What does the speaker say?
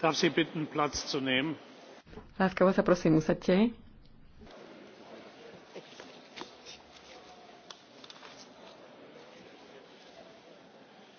darf sie bitten platz zu nehmen. láskavo sa prosím usaďte.